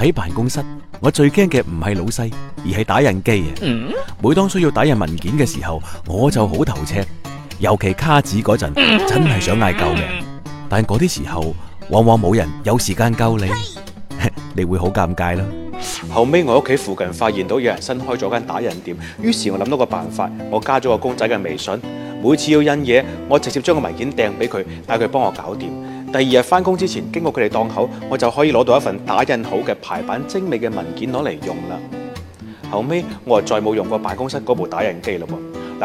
喺辦公室，我最驚嘅唔係老細，而係打印機啊！每當需要打印文件嘅時候，我就好頭赤，尤其卡紙嗰陣，真係想嗌救命。但嗰啲時候，往往冇人有時間救你， 你會好尷尬啦。後尾我屋企附近發現到有人新開咗間打印店，於是我諗到個辦法，我加咗個公仔嘅微信，每次要印嘢，我直接將個文件掟俾佢，帶佢幫我搞掂。第二日返工之前，經過佢哋檔口，我就可以攞到一份打印好嘅排版精美嘅文件攞嚟用啦。後尾我啊再冇用過辦公室嗰部打印機嘞。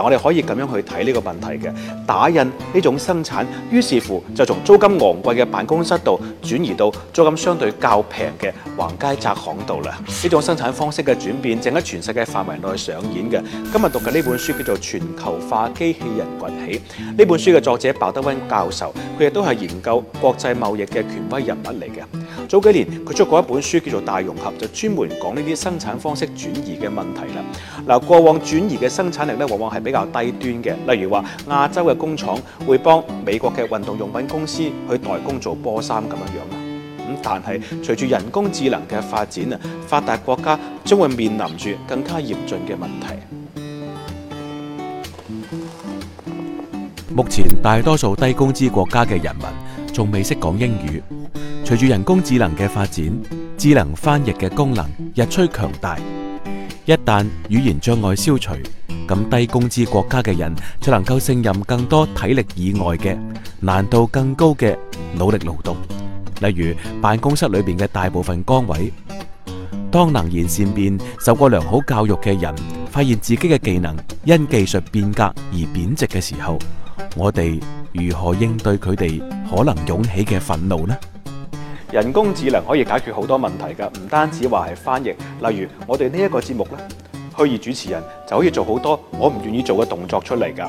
我哋可以咁樣去睇呢個問題嘅，打印呢種生產，於是乎就從租金昂貴嘅辦公室度轉移到租金相對較平嘅橫街窄巷度啦。呢種生產方式嘅轉變正喺全世界範圍內上演嘅。今日讀嘅呢本書叫做《全球化機器人崛起》，呢本書嘅作者鮑德溫教授，佢亦都係研究國際貿易嘅權威人物嚟嘅。早幾年佢出過一本書叫做《大融合》，就專門講呢啲生產方式轉移嘅問題啦。嗱，過往轉移嘅生產力咧，往往係比較低端嘅，例如話亞洲嘅工廠會幫美國嘅運動用品公司去代工做波衫咁樣樣啦。咁但係隨住人工智能嘅發展啊，發達國家將會面臨住更加嚴峻嘅問題。目前大多數低工資國家嘅人民仲未識講英語。隨住人工智能嘅發展，智能翻譯嘅功能日趨強大。一旦語言障礙消除，咁低工資國家嘅人就能夠勝任更多體力以外嘅難度更高嘅努力勞動，例如辦公室裏邊嘅大部分崗位。當能言善辯、受過良好教育嘅人發現自己嘅技能因技術變革而貶值嘅時候，我哋如何應對佢哋可能湧起嘅憤怒呢？人工智能可以解決好多問題㗎，唔單止話係翻譯。例如我哋呢一個節目咧，虛擬主持人就可以做好多我唔願意做嘅動作出嚟㗎。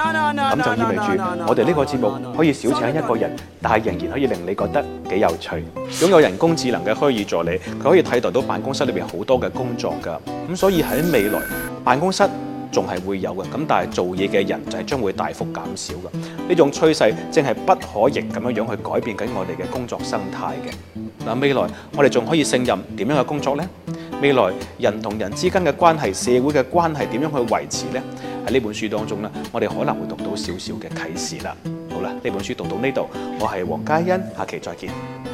咁就意味住我哋呢個節目可以少請一個人，但係仍然可以令你覺得幾有趣。擁 有人工智能嘅虛擬助理，佢可以替代到辦公室裏邊好多嘅工作㗎。咁所以喺未來，辦公室，仲係會有嘅，咁但係做嘢嘅人就係將會大幅減少嘅。呢種趨勢正係不可逆咁樣樣去改變緊我哋嘅工作生態嘅。嗱，未來我哋仲可以勝任點樣嘅工作呢？未來人同人之間嘅關係、社會嘅關係點樣去維持呢？喺呢本書當中呢，我哋可能會讀到少少嘅啟示啦。好啦，呢本書讀到呢度，我係黃嘉欣，下期再見。